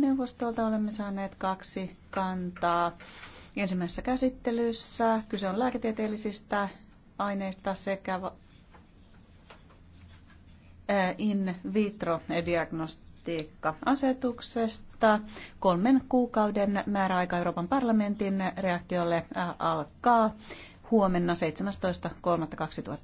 Neuvostolta olemme saaneet kaksi kantaa. Ensimmäisessä käsittelyssä kyse on lääketieteellisistä aineista sekä in vitro diagnostiikka-asetuksesta. Kolmen kuukauden määräaika Euroopan parlamentin reaktiolle alkaa huomenna 17.3.2000.